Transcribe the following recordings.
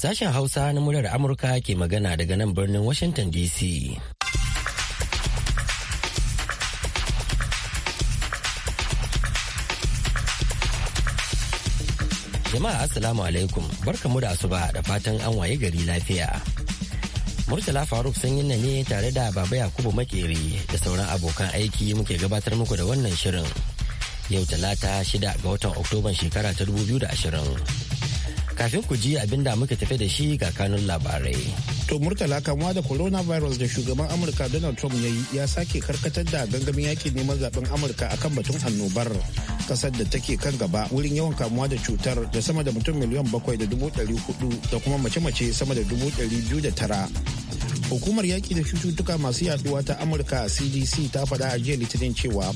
Sashen Hausa na murar Amurka ke magana daga nan birnin Washington DC. Jama'a Assalamu alaikum barkamu da asuba da fatan an waye gari lafiya. Murtala Faruk sanyin yi ne tare da Baba Yakubu Makeri da sauran abokan aiki muke gabatar muku da wannan shirin. Yau talata shida ga watan Oktoban shekara ta 2020. kafin ku ji abin da muke tafe da shi ga kanun labarai. To Murtala kamuwa da coronavirus da shugaban Amurka Donald Trump ya yi ya sake karkatar da gangamin yakin neman zaben Amurka akan batun annobar kasar da take kan gaba wurin yawan kamuwa da cutar da sama da mutum miliyan bakwai da dubu ɗari hudu da kuma mace-mace sama da dubu ɗari biyu da tara. Hukumar yaƙi da cututtuka masu yaduwa ta Amurka CDC ta faɗa a jiya Litinin cewa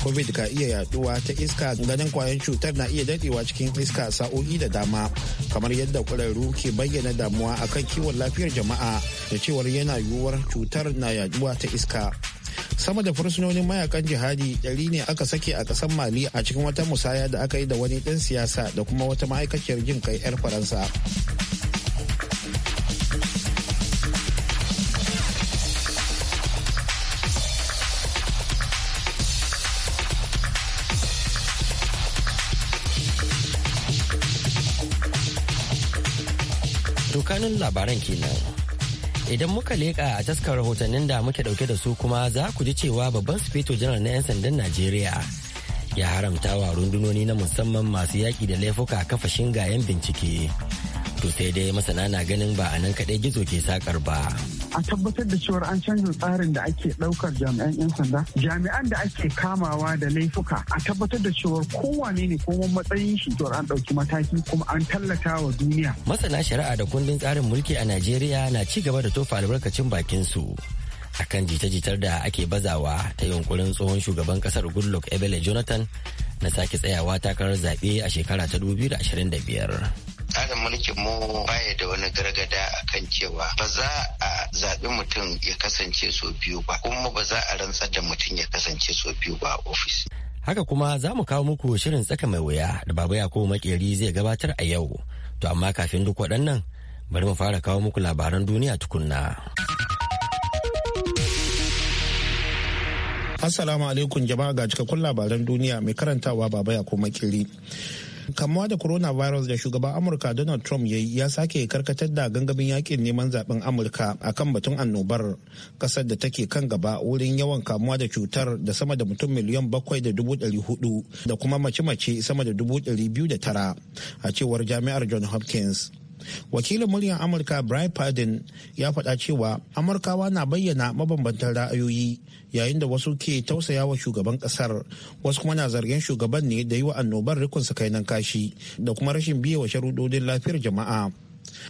covid ka iya yaduwa ta iska ganin kwayan cutar na iya dadewa cikin iska sa'o'i da dama kamar yadda kwararru ke bayyana damuwa akan kiwon lafiyar jama'a da cewar yana yiwuwar cutar na yaduwa ta iska sama da fursunonin mayakan jihadi ɗari ne aka sake a ƙasar mali a cikin wata musaya da aka yi da wani ɗan siyasa da kuma wata ma'aikaciyar jin kai 'yar faransa tsakanin labaran kenan. Idan muka leƙa a taskar rahotannin da muke ɗauke da su kuma za ku ji cewa babban sufeto janar na 'yan sandan Najeriya ya haramta wa rundunoni na musamman masu yaƙi da laifuka kafa shingayen bincike. To sai dai masana na ganin ba a nan kaɗai gizo ke sakar ba. a tabbatar da cewar an canza tsarin da ake ɗaukar jami'an 'yan sanda jami'an da ake kamawa da laifuka a tabbatar da cewar kowane ne ko matsayin shi cewar an ɗauki mataki kuma an tallata wa duniya. Masana shari'a da kundin tsarin mulki a Najeriya na ci gaba da tofa albarkacin bakin su. akan jita-jitar da ake bazawa ta yunkurin tsohon shugaban kasar goodluck ebele jonathan na sake tsayawa takarar zaɓe a shekara ta 2025 tsarin mulkin mu baya da wani gargada a kan cewa ba za a zaɓi mutum ya kasance so biyu ba kuma ba za a rantsar da mutum ya kasance so biyu ba a ofis. Haka kuma za mu kawo muku shirin tsaka mai wuya da Baba Yakubu Makeri zai gabatar a yau. To amma kafin duk waɗannan bari mu fara kawo muku labaran duniya tukunna. Assalamu alaikum jama'a ga cikakkun labaran duniya mai karantawa Baba Yakubu Makeri. kamuwa da coronavirus da shugaban amurka donald trump ya ya sake karkatar da gangamin yakin neman zaben amurka akan batun annobar kasar da take kan gaba wurin yawan kamuwa da cutar da sama da mutum miliyan bakwai da dubu ɗari hudu da kuma mace-mace sama da dubu ɗari biyu da tara a cewar jami'ar john hopkins wakilin muryar amurka brian padden ya faɗa cewa amurkawa na bayyana mabambantan ra'ayoyi yayin da wasu ke tausaya wa shugaban kasar wasu kuma na zargin shugaban ne da yi wa annobar rikon nan kashi da kuma rashin biye wa sharudodin lafiyar jama'a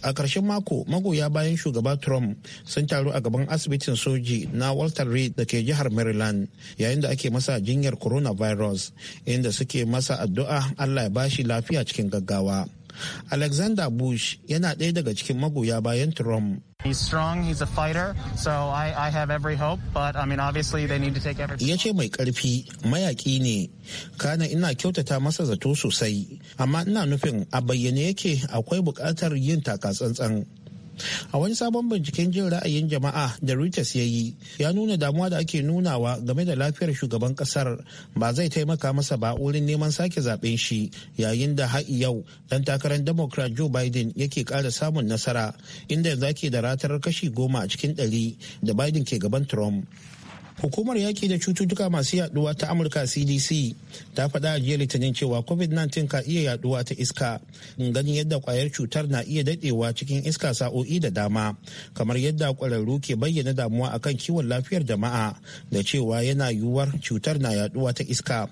a ƙarshen mako magoya bayan shugaba trump sun taru a gaban asibitin soji na walter reed da ke jihar maryland yayin da ake masa jinyar coronavirus inda suke masa addu'a allah ya bashi lafiya cikin gaggawa Alexander Bush yana ɗaya daga cikin magoya bayan Trump. He's strong, he's a fighter, so I, I have every hope, but I mean, obviously they need to take every... Ya ce mai ƙarfi, mayaƙi ne, kana ina kyautata masa zato sosai, amma ina nufin a bayyane yake akwai buƙatar yin takatsantsan. a wani sabon binciken jin ra'ayin jama'a da reuters ya yi ya nuna damuwa da ake nunawa game da lafiyar shugaban kasar ba zai taimaka masa ba wurin neman sake zaben shi yayin da har yau dan takarar democrat joe biden yake kara samun nasara inda yanzu ake da ratar kashi goma a cikin ɗari da biden ke gaban trump hukumar yaƙi da cututtuka masu yaduwa ta amurka cdc ta faɗa a jiya litinin cewa covid-19 ka iya yaduwa ta iska ganin yadda kwayar cutar na iya daɗewa cikin iska sa'o'i da dama kamar yadda ƙwararru ke bayyana damuwa akan kiwon lafiyar jama'a da cewa yana yiwuwar cutar na yaduwa ta iska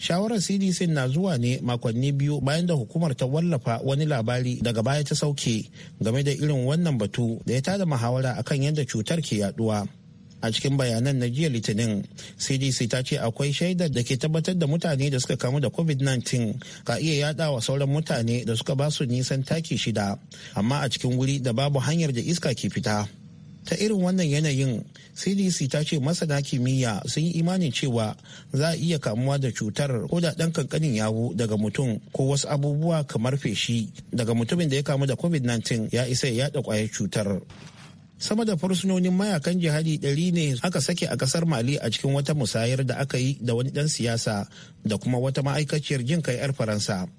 shawarar cdc na zuwa ne makonni biyu bayan da hukumar ta wallafa wani labari daga baya ta sauke game da irin wannan batu da ya tada muhawara akan yadda cutar ke yaduwa. a cikin bayanan na jiya litinin cdc ta ce akwai shaidar da ke tabbatar da mutane da suka kamu da covid-19 ka iya yada wa sauran mutane da suka ba su nisan taki shida amma a cikin wuri da babu hanyar da iska ke fita ta irin wannan yanayin cdc ta ce masana kimiyya sun yi imanin cewa za a iya kamuwa da cutar ko da ɗan kankanin yawo daga mutum ko wasu abubuwa kamar feshi daga mutumin da ya kamu da covid-19 ya isa ya yada kwayar cutar sama da fursunonin mayakan jihadi ɗari ne aka sake a ƙasar mali a cikin wata musayar da aka yi da wani ɗan siyasa da kuma wata ma'aikaciyar jin kai 'yar faransa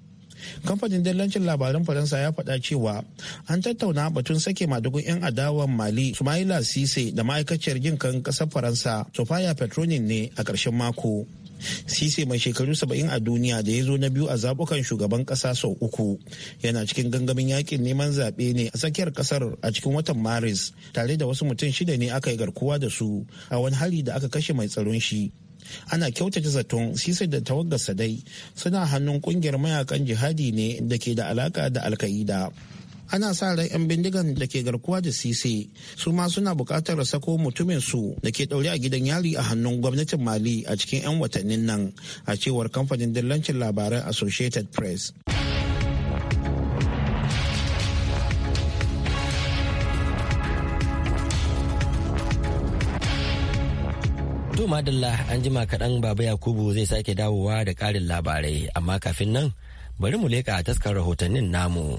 kamfanin dillancin labaran faransa ya faɗa cewa an tattauna batun sake madugun 'yan adawan mali sumaila sise da ma'aikaciyar jin kan ƙasar faransa sofia petronin ne a ƙarshen mako sise mai shekaru saba'in a duniya da ya zo na biyu a zabukan shugaban kasa sau uku yana cikin gangamin yakin neman zaɓe ne a tsakiyar kasar a cikin watan maris tare da wasu mutum shida ne aka yi garkuwa da su a wani hari da aka kashe mai tsaron shi ana kyautata zaton sise da tawagarsa dai suna hannun kungiyar mayakan jihadi ne da ke da alaka da alka'ida ana sa ran 'yan bindigan da ke garkuwa da sise su ma suna bukatar sako mutumin su da ke ɗaure a gidan yari a hannun gwamnatin mali a cikin 'yan watannin nan a cewar kamfanin dillancin labaran associated press To madalla an jima kaɗan baba Yakubu zai sake dawowa da ƙarin labarai amma kafin nan bari mu leƙa taskar rahotannin namu.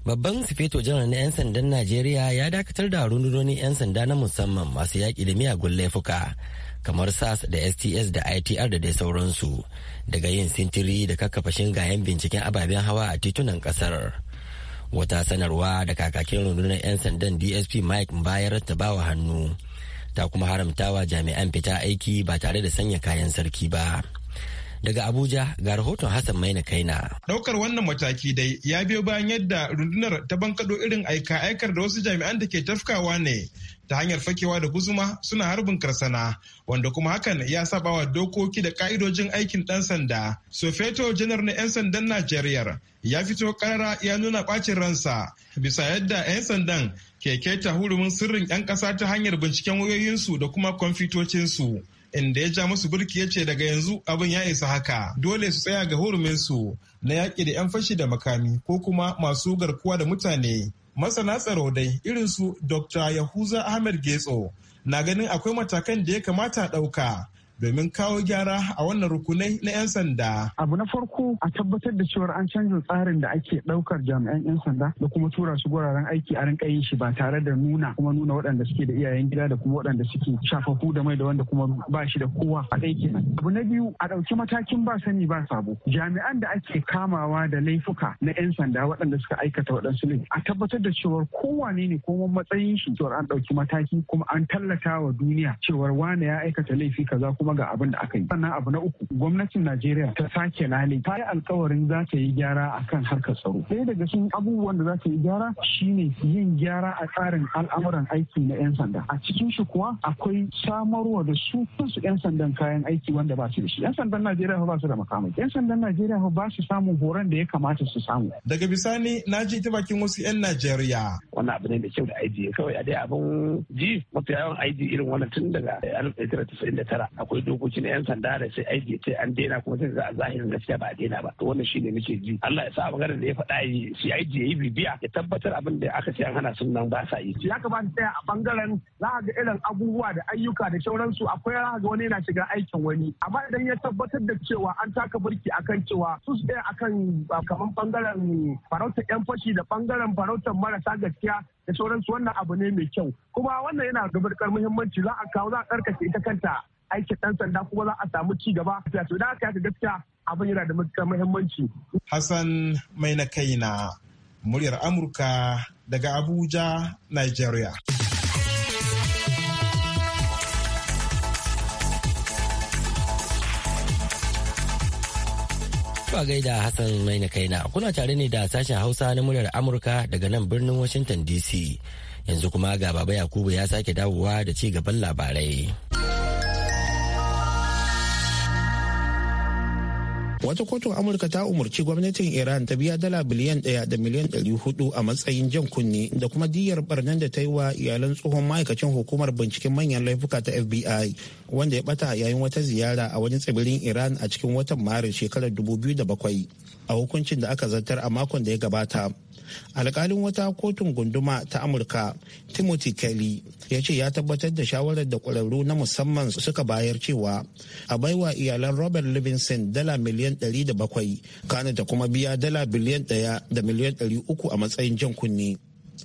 Babban sifeto janar na 'yan sandan Najeriya ya dakatar da rundunonin 'yan sanda na musamman masu yaƙi da miyagun laifuka kamar SAS da STS da ITR da dai sauransu daga yin sintiri da kakkafa shingayen binciken ababen hawa a titunan ƙasar. Wata sanarwa da kakakin rundunar 'yan sandan DSP Mike bayar ta bawa hannu ta kuma haramtawa jami'an fita aiki ba tare da sanya kayan sarki ba. Daga Abuja ga rahoton Hassan Maina Kaina. Daukar wannan mataki dai ya biyo bayan yadda rundunar ta bankado irin aika aikar da wasu jami'an da ke tafkawa ne ta hanyar fakewa da guzuma suna harbin karsana wanda kuma hakan ya saba wa dokoki da ka'idojin aikin dan sanda sofeto janar na 'yan sandan najeriya ya fito karara ya nuna bacin ransa bisa yadda 'yan sandan keke ta hurumin sirrin 'yan ƙasa ta hanyar binciken wayoyinsu da kuma kwamfitocinsu inda ya ja musu burki ya ce daga yanzu abin ya isa haka dole su tsaya ga huruminsu na yaƙi da 'yan fashi da makami ko kuma masu garkuwa da mutane masana tsaro dai irin su dr yahuza ahmed getso na ganin akwai matakan da ya kamata a ɗauka domin kawo gyara a wannan rukunai na 'yan sanda. Abu na farko a tabbatar da cewar an canza tsarin da ake ɗaukar jami'an 'yan sanda da kuma tura su guraren aiki a rinka yin shi ba tare da nuna kuma nuna waɗanda suke da iyayen gida da kuma waɗanda suke shafafu da mai da wanda kuma ba shi da kowa a ɗaya kenan. Abu na biyu a ɗauki matakin ba sani ba sabo. Jami'an da ake kamawa da laifuka na 'yan sanda waɗanda suka aikata waɗansu ne? a tabbatar da cewar kowane ne kuma matsayin shi cewar an ɗauki mataki kuma an tallata wa duniya cewar wane ya aikata laifi kaza kuma kuma ga abin da aka yi sannan abu na uku gwamnatin najeriya ta sake lale ta yi alkawarin za ta yi gyara akan harkar tsaro ɗaya daga cikin abubuwan da za ta yi gyara shi ne yin gyara a tsarin al'amuran aiki na 'yan sanda a cikin shi kuwa akwai samarwa da su kansu 'yan sandan kayan aiki wanda ba su da shi 'yan sandan najeriya ba su da makamai 'yan sandan najeriya ba su samun horon da ya kamata su samu daga bisani na ji ta bakin wasu 'yan najeriya wannan abu ne mai kyau da IG kawai a dai abin ji mafi yawan IG irin wannan tun daga 1999 akwai dokoki na 'yan sanda da sai IG ce an daina kuma sai za a zahirin gaskiya ba a daina ba to wannan shine nake ji Allah ya sa maganar da ya faɗa yi shi IG ya yi bibiya ya tabbatar abin da aka ce an hana sun nan ba sa yi. Ya kamata tsaya a bangaren za ga irin abubuwa da ayyuka da sauransu akwai za ga wani yana shiga aikin wani amma idan ya tabbatar da cewa an taka burki akan cewa su tsaya akan kamar bangaren farautar 'yan fashi da bangaren farautar marasa gaskiya gaskiya da sauransu wannan abu ne mai kyau kuma wannan yana da matukar muhimmanci za a kawo za a karkace ita kanta aikin ɗan sanda kuma za a samu ci gaba to da aka yi gaskiya abin yana da matukar muhimmanci. Hassan mai na kaina muryar Amurka daga Abuja, Nigeria. Ba gaida Hassan Maina Kaina kuna tare ne da sashen Hausa na muryar Amurka daga nan birnin Washington DC. Yanzu kuma ga Baba Yakubu ya sake dawowa da ci gaban labarai. wata kotun amurka ta umarci gwamnatin iran ta biya dala biliyan ɗaya da miliyan ɗari hudu a matsayin jan kunne da kuma diyyar barnan da ta yi wa iyalan tsohon ma'aikacin hukumar binciken manyan laifuka ta fbi wanda ya bata yayin wata ziyara a wani tsibirin iran a cikin watan maris shekarar bakwai, a hukuncin da aka zartar a makon da ya gabata alkalin wata kotun gunduma ta amurka timothy kelly ya ce ya tabbatar da shawarar da ƙwararru na musamman suka bayar cewa a baiwa iyalan robert livingston dala miliyan 700 kana da kuma biya dala biliyan 1 da miliyan 300 a matsayin jan kunne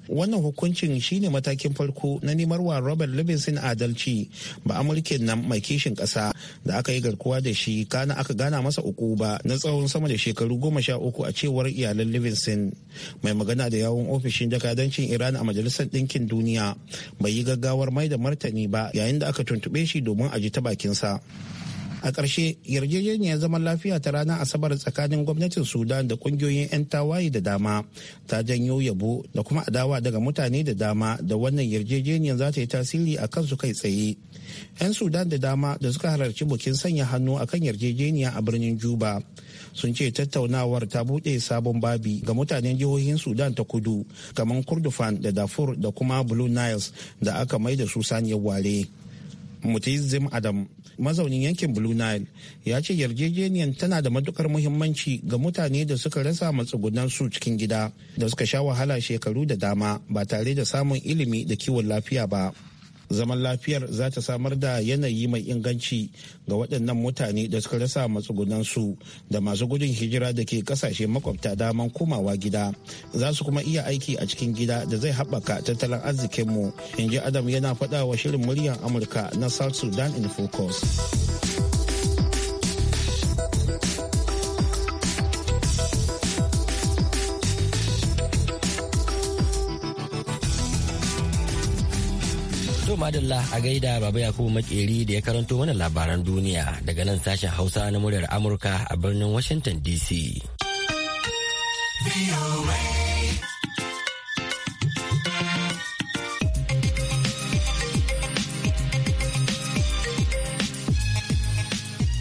wannan hukuncin shine matakin farko na nemar wa robert livingston adalci ba amurkin nan mai kishin kasa da aka yi garkuwa da shi kana aka gana masa uku ba na tsawon sama da shekaru goma sha uku a cewar iyalan livingston mai magana da yawon ofishin jakadancin iran a majalisar ɗinkin duniya bai yi gaggawar mai da martani ba yayin da aka tuntuɓe shi domin a ji ta bakinsa. a ƙarshe yarjejeniyar zama lafiya ta ranar asabar tsakanin gwamnatin sudan da ƙungiyoyin 'yan tawaye da dama ta janyo yabo da kuma adawa daga mutane da dama da wannan yarjejeniyar za ta yi tasiri a kansu kai tsaye 'yan sudan da dama da suka halarci bukin sanya hannu a kan yarjejeniya a birnin juba sun ce tattaunawar ta buɗe sabon babi ga mutanen jihohin sudan ta kudu kamar kurdufan da darfur da kuma blue niles da aka mai da su saniyar ware mutizim adam mazaunin yankin blue nile ya ce yarjejeniyar tana da matukar muhimmanci ga mutane da suka rasa matsugunan su cikin gida da suka sha wahala shekaru da dama ba tare da samun ilimi da kiwon lafiya ba zaman lafiyar za ta samar da yanayi mai inganci ga waɗannan mutane da suka rasa matsugunansu da masu gudun hijira da ke kasashe makwabta daman kumawa gida za su kuma iya aiki a cikin gida da zai haɓaka tattalin arzikinmu in ji adam yana faɗa wa shirin muryar amurka na south sudan in focus Badalla a gaida baba yakubu makeri da ya karanto mana labaran duniya daga nan sashen hausa na muryar amurka a birnin washington dc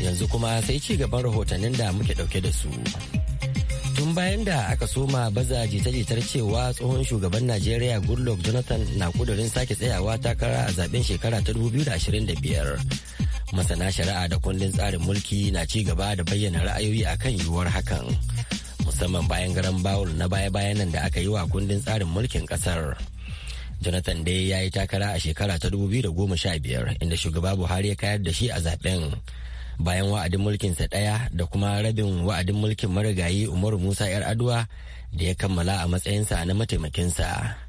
yanzu kuma sai ci gaban rahotannin da muke dauke da su tun bayan da aka soma baza jita-jitar cewa tsohon shugaban najeriya goodluck jonathan na kudurin sake tsayawa takara a zaben shekara ta 2025 masana shari'a da kundin tsarin mulki na ci gaba da bayyana ra'ayoyi a kan yiwuwar hakan musamman bayan garan bawul na baya-bayan nan da aka yi wa kundin tsarin mulkin kasar jonathan dai ya yi takara a shekara ta 2015 inda shugaba buhari ya kayar da shi a zaben bayan wa'adin mulkinsa ɗaya da kuma rabin wa'adin mulkin marigayi umaru musa 'yar aduwa da ya kammala a matsayinsa na mataimakinsa.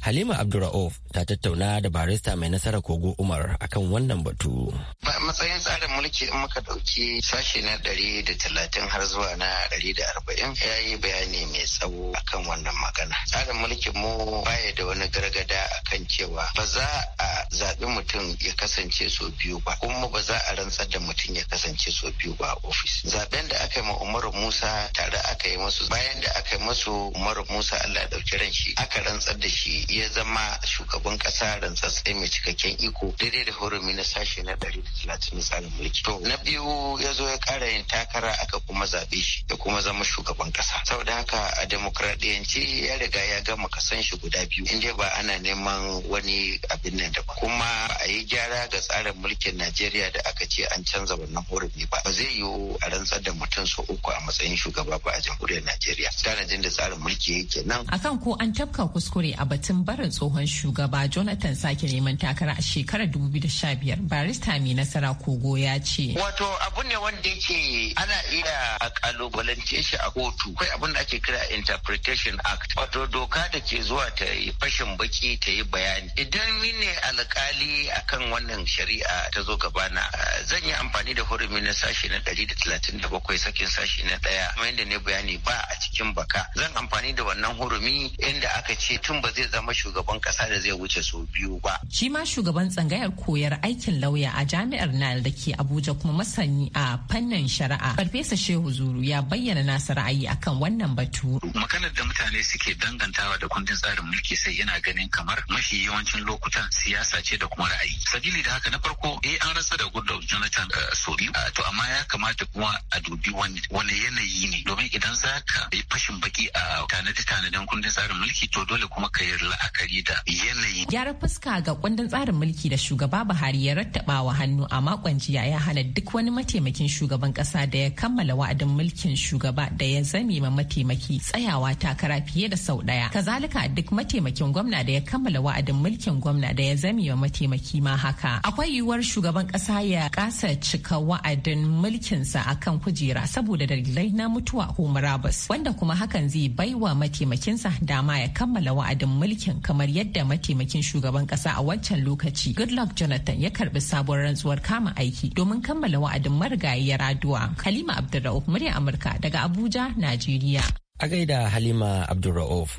Halima Abdurra'uf ta tattauna da barista mai nasara kogo Umar akan wannan batu. Matsayin tsarin mulki in muka ɗauki sashi na ɗari da talatin har zuwa na ɗari da arba'in ya yi bayani mai tsawo akan wannan magana. Tsarin mulkin mu baya da wani gargada kan cewa ba za a zaɓi mutum ya kasance so biyu ba kuma ba za a rantsar da mutum ya kasance so biyu ba a ofis. Zaɓen da aka yi ma Umaru Musa tare aka yi masu bayan da aka yi masu umar Musa Allah ɗauki ran shi aka rantsar da shi ya zama shugaban kasa rantsatsai mai cikakken iko daidai da hurumi na sashe na ɗari da talatin na tsarin mulki to na biyu ya zo ya kara yin takara aka kuma zaɓe shi ya kuma zama shugaban kasa saboda haka a demokradiyanci ya riga ya gama kasan shi guda biyu inda ba ana neman wani abin nan da ba kuma a yi gyara ga tsarin mulkin najeriya da aka ce an canza wannan hurumi ba ba zai yiwu a rantsar da mutum so uku a matsayin shugaba ba a jamhuriyar najeriya tanadin da tsarin mulki yake nan akan ko an tafka kuskure a batun barin tsohon shugaba Jonathan sake neman takara a shekarar 2015 barista mai nasara kogo ya ce. Wato abu ne wanda yake ana iya kalubalance shi a kotu kai abin da ake kira interpretation act wato doka da ke zuwa ta yi fashin baki ta yi bayani idan ni ne alkali akan wannan shari'a ta zo gabana eh, zan yi amfani da hurumi na sashi na 137 sakin sashi na daya kuma yadda ne bayani ba a cikin baka zan amfani da wannan hurumi inda aka ce tun ba zai zama zama shugaban kasa da zai wuce su biyu ba. Shi ma shugaban tsangayar koyar aikin lauya a jami'ar Nile da ke Abuja kuma masani a fannin shari'a. Farfesa Shehu Zuru ya bayyana nasa ra'ayi akan wannan batu. Maganar da mutane suke dangantawa da kundin tsarin mulki sai yana ganin kamar mafi yawancin lokutan siyasa ce da kuma ra'ayi. Sabili da haka na farko eh an rasa da Goodluck Jonathan eh, Sori. Ah, to amma ya kamata kuma a dubi wani yanayi ne domin idan za ka yi fashin baki a tanadi tanadin kundin tsarin mulki to dole kuma ka yi Gyara da yanayi. Gyara fuska ga kundin tsarin mulki da shugaba Buhari ya rattaba wa hannu a makon jiya ya hana duk wani mataimakin shugaban kasa da ya kammala wa'adin mulkin shugaba da ya zame ma mataimaki tsayawa takara fiye da sau daya. Kazalika duk mataimakin gwamna da ya kammala wa'adin mulkin gwamna da ya zame ma mataimaki ma haka. Akwai yiwuwar shugaban kasa ya kasa cika wa'adin mulkinsa akan kujera saboda dalilai na mutuwa ko murabus wanda kuma hakan zai baiwa mataimakinsa dama ya kammala wa'adin mulkin kamar yadda mataimakin shugaban kasa a wancan lokaci Goodluck Jonathan ya karbi sabon rantsuwar kama aiki domin kammala wa'adin marigayiyar Raduwa. Halima Abdulrauf murya Amurka daga Abuja, Najeriya. A gaida Halima Abdulrauf.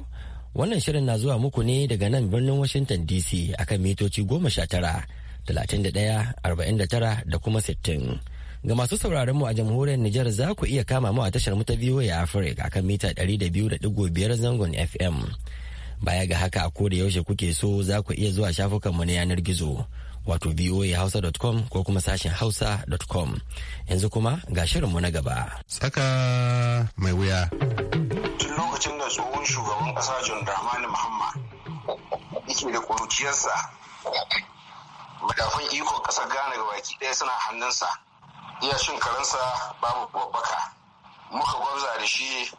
Wannan shirin na zuwa muku ne daga nan birnin Washington DC akan mitoci goma sha tara, talatin da daya arba'in da tara da kuma sittin. Ga masu sauraron mu a jamhuriyar Nijar za ku iya kama mu a tashar mu ta VOA Africa akan mita ɗari da biyu da ɗigo biyar zangon FM. Baya ga haka a koda yaushe kuke so za ku iya zuwa shafukanmu na yanar gizo wato voahausa.com ko kuma sashen hausa.com. Yanzu kuma ga shirinmu na gaba. Tsaka mai wuya. Tun lokacin da tsohon shugaban kasa John Dramani Muhammad yake da ƙuruciyarsa madafin ikon ƙasar Ghana ga baki ɗaya suna hannunsa. Iya shin karansa babu babbaka. Muka gwabza da shi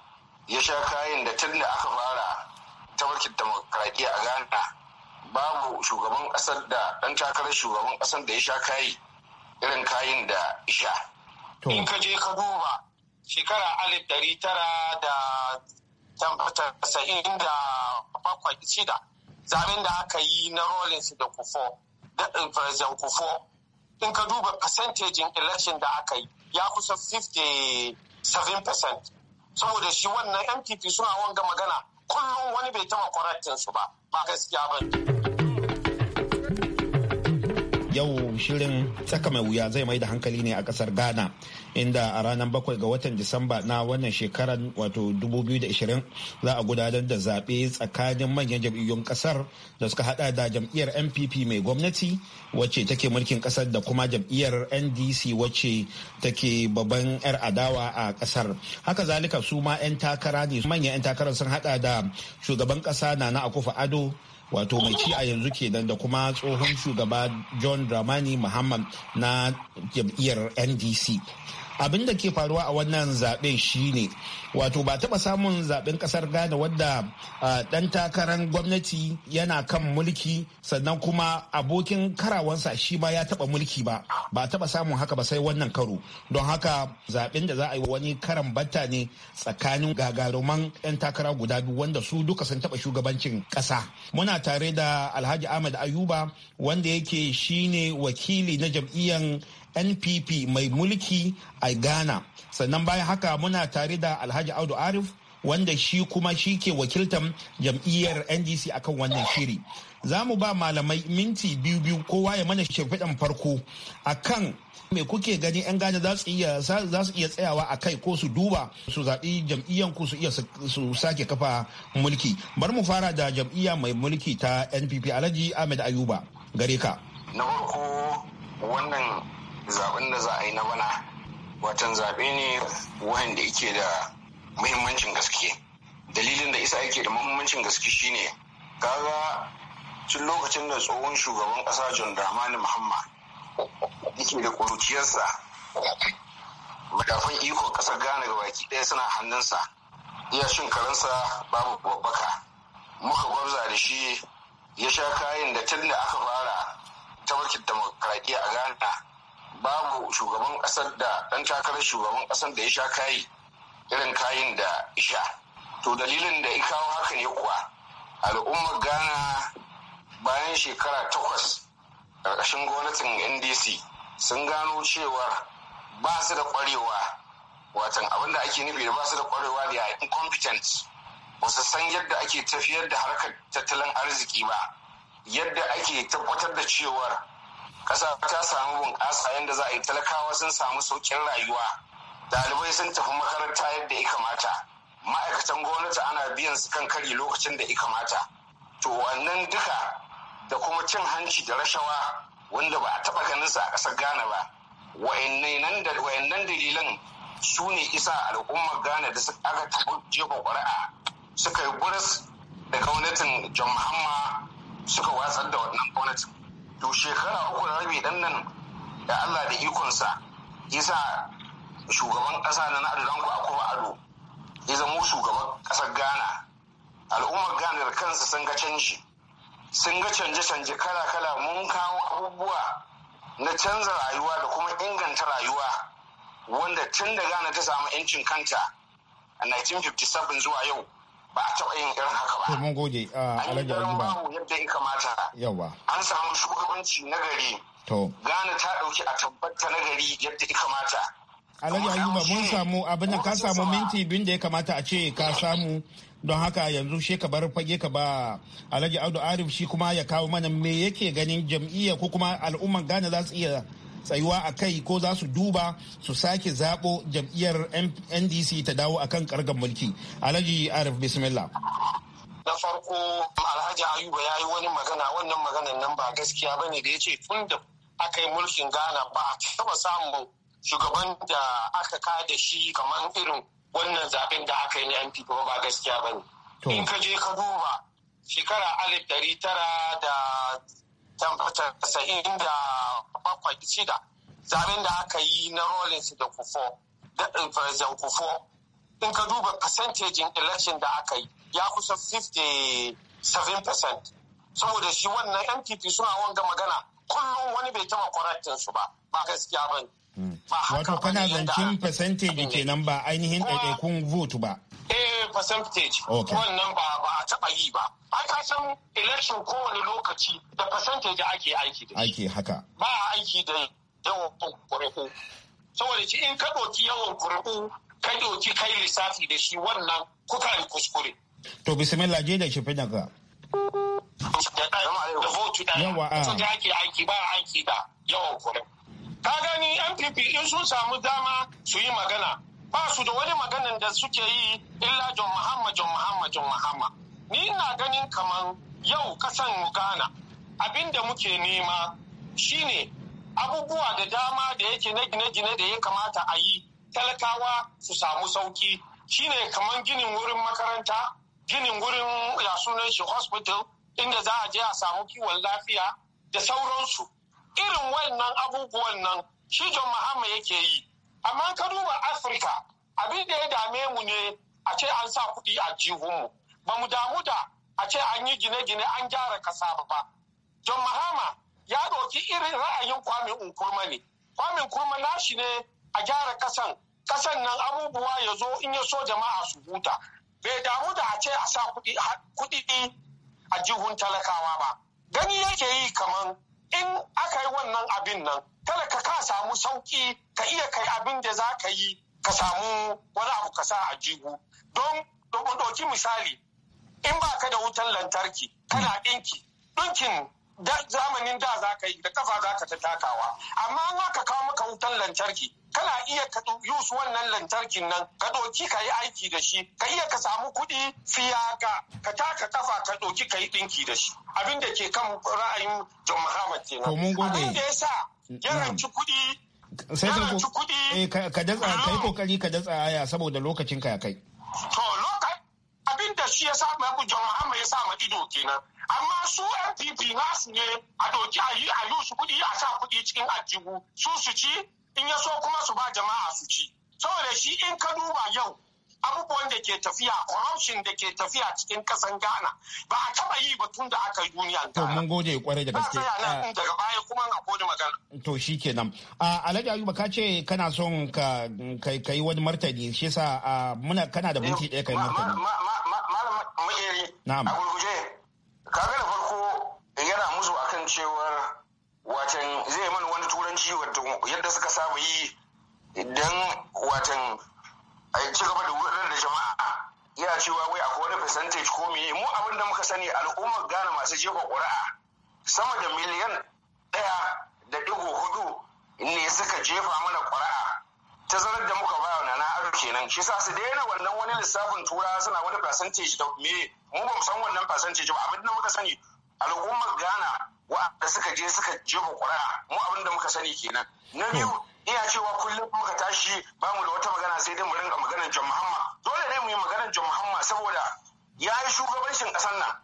ya sha kayan da tun da aka fara ta mulkin demokradiyya a ghana babu shugaban ƙasar da ɗan takarar shugaban ƙasar da ya sha kayi irin kayin da sha in ka je ka duba shekara alif dari tara da tasa'in da bakwai shida zaben da aka yi na rollins da kufo da eh, president kufo in ka duba percentage election da aka yi ya kusa 57% saboda shi wannan mpp suna wanga magana kullum wani bai taɓa kwarantin su ba ba gaskiya ba yau shirin tsaka mai wuya zai mai da hankali ne a ƙasar ghana inda a ranar bakwai ga watan disamba na wannan shekarar wato 2020 za a gudanar da zaɓe tsakanin manyan jam'iyyun ƙasar da suka hada da jam'iyyar npp mai gwamnati wacce take mulkin ƙasar da kuma jam'iyyar ndc wacce take babban 'yar adawa a ƙasar haka zalika su ma 'yan takara ne manyan 'yan takarar sun hada da shugaban ƙasa na na akufa ado wato mai ci a yanzu kenan da kuma tsohon shugaba john dramani muhammad na jam'iyyar ndc abin da ke faruwa a wannan zaben shine wato ba taba samun zaɓen ƙasar ghana wadda dan takarar gwamnati yana kan mulki sannan kuma abokin karawansa shi ba ya taba mulki ba ba taba samun haka ba sai wannan karo don haka zaɓen da za a yi wani karan batta ne tsakanin gagaruman 'yan takara guda biyu wanda su duka sun taɓa shugabancin ƙasa muna tare da alhaji ahmad ayuba wanda yake shine wakili na jam'iyyar npp mai mulki a ghana sannan bayan haka muna tare da alhaji audu arif wanda shi kuma shi ke wakiltar jam'iyyar ndc akan wannan shiri za mu ba malamai minti biyu biyu kowa ya mana shimfiɗan farko akan me kuke gani 'yan gane za su iya tsayawa a kai ko su duba su zaɓi jam'iyyan ku su iya su sake kafa mulki bar mu fara da jam'iyya mai mulki ta npp alhaji ahmed ayuba gare ka na farko wannan zaben da za a yi na bana watan zaɓe ne wanda yake da muhimmancin gaske dalilin da isa yake da muhimmancin gaske shine kaga tun lokacin da tsohon shugaban ƙasa john dramani muhamma yake da ƙuruciyarsa madafan ikon ƙasar ghana ga baki ɗaya suna hannunsa iya shin karansa babu babbaka muka gwabza da shi ya sha kayan da tun da aka fara ta wakil demokradiyya a ghana babu shugaban ƙasar da ɗan takarar shugaban ƙasar da ya sha kayi irin kayan da sha. to dalilin da ya kawo haka ne kuwa al'ummar ghana bayan shekara takwas ƙarƙashin gwamnatin ndc sun gano cewa ba su da ƙwarewa watan abinda ake nufi da ba su da ƙwarewa da incompetent ba su san yadda ake tafiyar da harkar tattalin arziki ba yadda ake tabbatar da cewar ƙasa ta samu bunƙasa yadda za a yi talakawa sun samu sauƙin rayuwa Dalibai sun tafi makaranta yadda ya kamata ma'aikatan gwamnati ana biyan su kan kari lokacin da ya kamata to wannan duka da kuma cin hanci da rashawa wanda ba a taɓa ganin su a ƙasar ghana ba wayannan dalilan su ne isa al'ummar ghana da aka taɓa jefa ƙuri'a suka yi buris da gwamnatin john suka watsar da wannan gwamnatin to shekara uku da rabi dan nan da Allah da ikonsa yasa shugaban kasa na Nadu Danko Akufo Ado ya zama shugaban kasar Ghana al'ummar Ghana da kansa sun ga canji sun ga canje-canje kala-kala mun kawo abubuwa na canza rayuwa da kuma inganta rayuwa wanda tun da Ghana ta samu 'yancin kanta a 1957 zuwa yau ba a taɓa yin irin haka ba. a mun gode uh, Alhaji Ayuba. yadda ya kamata. Yawa. An samu shugabanci na gari. To. Gana ta ɗauki a tabbata na gari yadda ya kamata. Alhaji ba mun samu abin da ka samu minti biyun da ya kamata a ce ka samu don haka yanzu shi ka bar fage ka ba Alhaji Audu Arif shi kuma ya kawo mana me yake ganin jam'iyya ko kuma al'umman Ghana za su iya tsayuwa a kai ko za su duba su sake zaɓo jam'iyyar ndc ta dawo akan kargan mulki alhaji arif bismillah na farko alhaji ayuba ya yi wani magana wannan maganan nan ba gaskiya bane da ya ce tun da aka yi mulkin ghana ba a taɓa samun shugaban da aka ka da shi kamar irin wannan zaben da aka yi na mp ba ba gaskiya bane in ka je ka duba shekara alif ɗari tara da casa'in da bakwai shida zaben da aka yi na rollins da kufo da president eh, kufo in ka duba percentage election da aka yi ya kusa 57% saboda shi wannan mpp suna wanga magana kullum wani bai taba correcting su ba ba gaskiya ba hmm. Wato kana zancen percentage kenan ba ainihin ɗaiɗaikun vote ba. eh percentage wannan ba ba a taba yi ba A ka san election kowane lokaci da percentage ake aiki da ake haka ba aiki da yawan kuri'u saboda shi in ka ɗauki yawan kuri'u ka ɗauki kai lissafi da shi wannan kuka yi kuskure to bismillah je da shi fi daga da vote ɗaya yawa ah. a da ake aiki ba aiki da yawan kuri'u ka gani mpp in sun samu dama su yi magana ba su da wani maganan da suke yi illa John Mahama John Mahama John Mahama ni ina ganin kamar yau kasan Ghana abin da muke nema shine abubuwa da dama da yake na gine-gine da ya kamata a yi talakawa su samu sauki shine kamar ginin wurin makaranta ginin wurin ya sunan shi hospital inda za a je a samu kiwon lafiya da sauransu irin wannan abubuwan nan shi John Mahama yake yi amma ka duba afirka abin da ya dame mu ne a ce an sa kuɗi a jihunmu ba mu damu da a ce an yi gine-gine an gyara kasa ba john mahama ya ɗauki irin ra'ayin kwamin nkurma ne kwamin nkurma nashi ne a gyara kasan kasan nan abubuwa ya zo in ya so jama'a su huta bai damu da a ce a sa kuɗi a jihun talakawa ba gani yake yi kaman in aka yi wannan abin nan kada ka samu sauki ka iya kai abin da za ka yi ka samu wani abu ka sa a jigu. don ɗauki misali in ba ka da wutan lantarki kana ɗinki ɗinkin zamanin da za ka yi da kafa za ka ta takawa amma an aka kawo maka wutan lantarki kana iya ka yus wannan lantarkin nan ka ɗauki ka yi aiki da shi ka iya ka samu kuɗi fiya ga ka taka kafa ka ɗauki ka yi ɗinki da shi abin da ke kan ra'ayin John Muhammad nan. abin da ya sa mm, mm. yaranci kuɗi sai ka eh, datsa yi kokari ka datsa aya saboda lokacin ka ya kai to abin da shi ya sa ku John Muhammad ya sa ma ido kenan amma su MPP nasu ne a doki a yi a yi su kuɗi a sa kuɗi cikin aljihu su su ci in ya so kuma su ba jama'a su ci saboda shi in ka duba yau abubuwan da ke tafiya corruption da ke tafiya cikin kasan Ghana ba a taba yi ba tun da aka yi duniya to mun gode kwarai da gaske ah. daga baya kuma a gode magana to shikenan ah, Alhaji Ayuba ka ce kana son ka kai wani martani shi yasa ah, muna kana da minti ɗaya kai martani eh, na'am a gurguje kaga da farko yana musu akan cewar watan zai mana wani turanci yadda suka samu yi idan watan a ci gaba da wurin da jama'a ya cewa wai akwai wani percentage ko miye mu abin da muka sani al'ummar gane masu jefa ƙuri'a sama da miliyan ɗaya da digo hudu ne suka jefa mana ƙuri'a tazarar da muka bawa na aro kenan shi sa su daina wannan wani lissafin tura suna wani percentage da me mu ba mu san wannan percentage ba abin da muka sani al'ummar Ghana waɗanda suka je suka jefa ƙuri'a mu abin da muka sani kenan na biyu ina cewa kullum muka tashi ba mu da wata magana sai dai mu rinka maganar John Muhammad. dole ne mu yi maganar John Muhammad saboda ya yi shugabancin ƙasar nan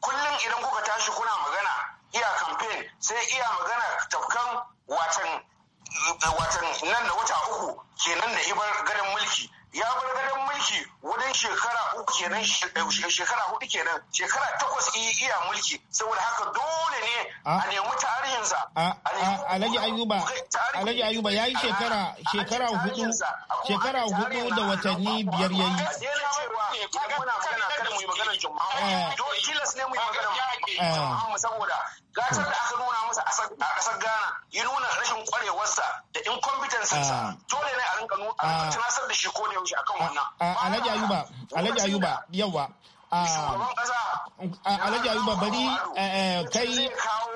kullum idan kuka tashi kuna magana iya campaign sai iya magana tafkan watan watan nan da wata uku kenan da ibar gadon mulki ya bar gadon mulki wajen shekara uku kenan eh, shekara hudu kenan shekara takwas iya mulki saboda haka dole ne a nemi tarihinsa alhaji ayuba alhaji ayuba ya yi shekara shekara hudu shekara hudu da watanni biyar ya yi saboda gatar da aka nuna masa a ƙasar ghana ya nuna rashin kwarewarsa da sa ah. dole ne dinga tunasar ah. da shi ko da yaushe akan ah, wannan ah, alhaji ayuba alhaji ayuba yawa Ah. Ah, Alaji Ayuba bari eh, eh, kai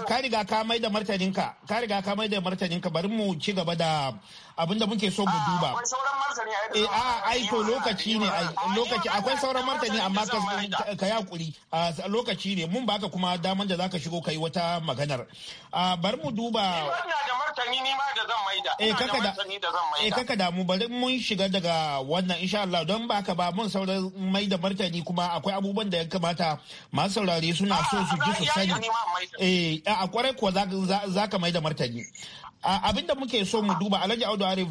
ka riga ka mai da martaninka ka riga ka mai da martaninka bari mu ci gaba da abinda muke so mu ah, duba. a aiko lokaci ne lokaci akwai sauran martani amma ka yakuri lokaci ne mun baka kuma daman da zaka shigo kai wata maganar. Bari mu duba. martani ni ma da zan maida. Eh kaka da Eh kaka da mu bari mun shiga daga wannan insha Allah don baka ba mun sauran mai da martani kuma akwai abu abubuwan da ya kamata masu saurare suna so su ji su sani eh a kwarai kuwa za ka mai da martani abin da muke so mu duba alhaji audu arif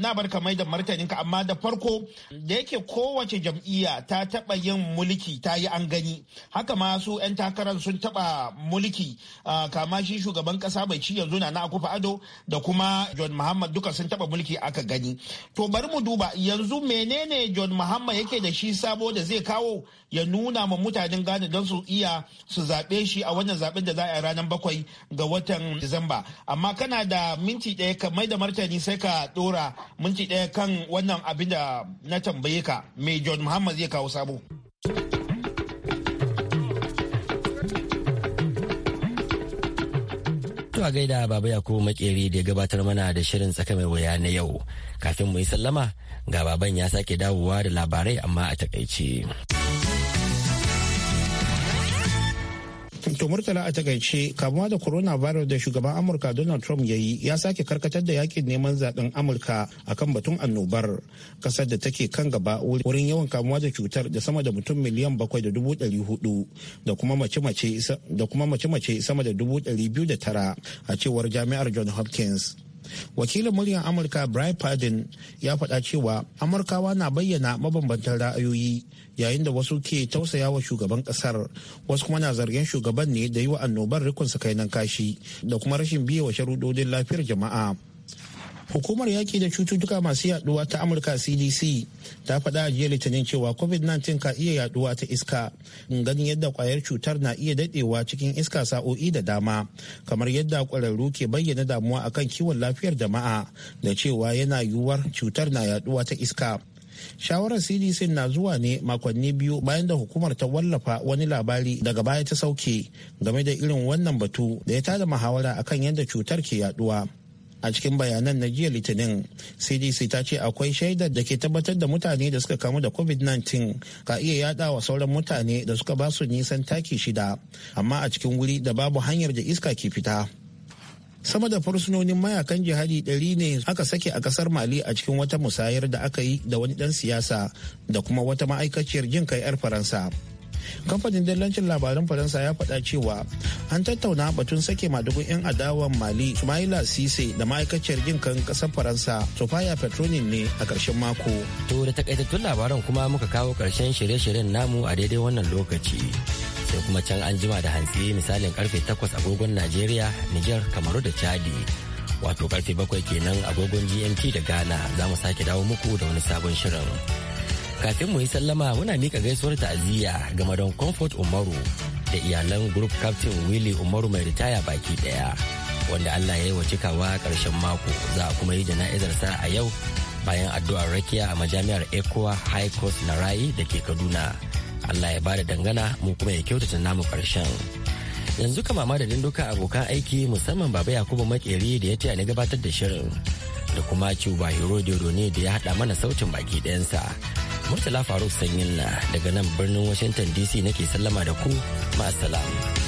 na bar mai da martanin ka amma da farko da yake kowace jam'iyya ta taba yin mulki ta yi an gani haka ma su 'yan takarar sun taba mulki kama shi shugaban kasa bai ci yanzu na akufa ado da kuma john muhammad duka sun taba mulki aka gani to bari mu duba yanzu menene john muhammad yake da shi sabo da zai kawo ya nuna ma mutanen gane don su iya su zaɓe shi a wannan zaɓen da za a ranar bakwai ga watan disamba amma kana da da minti ɗaya ka mai da martani sai ka ɗora minti ɗaya kan wannan abin da na tambaye ka mai John Muhammad zai kawo sabo. a gaida baba yakubu makeri da ya gabatar mana da shirin tsaka mai waya na yau kafin mu yi sallama ga baban ya sake dawowa da labarai amma a takaice. to murtala a takaice kamuwa da coronavirus da shugaban amurka donald trump ya yi ya sake karkatar da yakin neman zaɓen amurka akan batun annobar kasar da take kan gaba wurin yawan kamuwa da cutar da sama da mutum miliyan bakwai da dubu ɗari hudu da kuma mace-mace sama da dubu ɗari biyu da tara a cewar jami'ar john hopkins wakilin muryar amurka brian padden ya faɗa cewa amurkawa na bayyana mabambantan ra'ayoyi yayin da wasu ke tausaya wa shugaban kasar wasu kuma na zargin shugaban ne da yi wa annobar rikon nan kashi da kuma rashin biyewa wa sharudodin lafiyar jama'a hukumar yaƙi da cututtuka masu yaduwa ta amurka cdc ta faɗa a jiya litinin cewa covid-19 ka iya yaduwa ta iska ganin yadda kwayar cutar na iya daɗewa cikin iska sa'o'i da dama kamar yadda ƙwararru ke bayyana damuwa akan kiwon lafiyar jama'a da cewa yana yiwuwar cutar na yaduwa ta iska shawarar cdc na zuwa ne makonni biyu bayan da hukumar ta wallafa wani labari daga baya ta sauke game da irin wannan batu da ya tada muhawara akan yadda cutar ke yaduwa. a cikin bayanan na jiya litinin cdc ta ce akwai shaidar da ke tabbatar da mutane da suka kamu da covid-19 ka iya yada wa sauran mutane da suka ba su nisan taki shida amma a cikin wuri da babu hanyar da iska ke fita sama da fursunonin mayakan jihadi ɗari ne aka sake a ƙasar mali a cikin wata musayar da aka yi da wani ɗan siyasa da kuma wata ma'aikaciyar jin kai 'yar faransa kamfanin dillancin labaran faransa ya faɗa cewa an tattauna batun sake madugun 'yan adawan mali sumaila sise da ma'aikaciyar jin kan ƙasar faransa sofia petronin ne a ƙarshen mako to da takaitattun labaran kuma muka kawo ƙarshen shirye-shiryen namu a daidai wannan lokaci sai kuma can an jima da hantsi misalin karfe 8 agogon najeriya niger kamaru da chadi wato karfe 7 kenan agogon gmt da ghana za mu sake dawo muku da wani sabon shirin kafin mu yi sallama muna mika gaisuwar ta'aziyya ga madon comfort umaru da iyalan group captain willy umaru mai ritaya baki daya wanda allah ya yi wa cikawa karshen mako za a kuma yi jana'izar sa a yau bayan addu'ar rakiya a majami'ar ecowa high coast na rayi da ke kaduna allah ya bada dangana mu kuma ya kyautata namu karshen yanzu kama madadin dukkan abokan aiki musamman baba yakubu makeri da ya taya ni gabatar da shirin da kuma cuba hero ne da ya haɗa mana sautin baki ɗayansa Murtala Faruk Sanyin na daga nan birnin Washington DC nake sallama da ku, ma'asalam.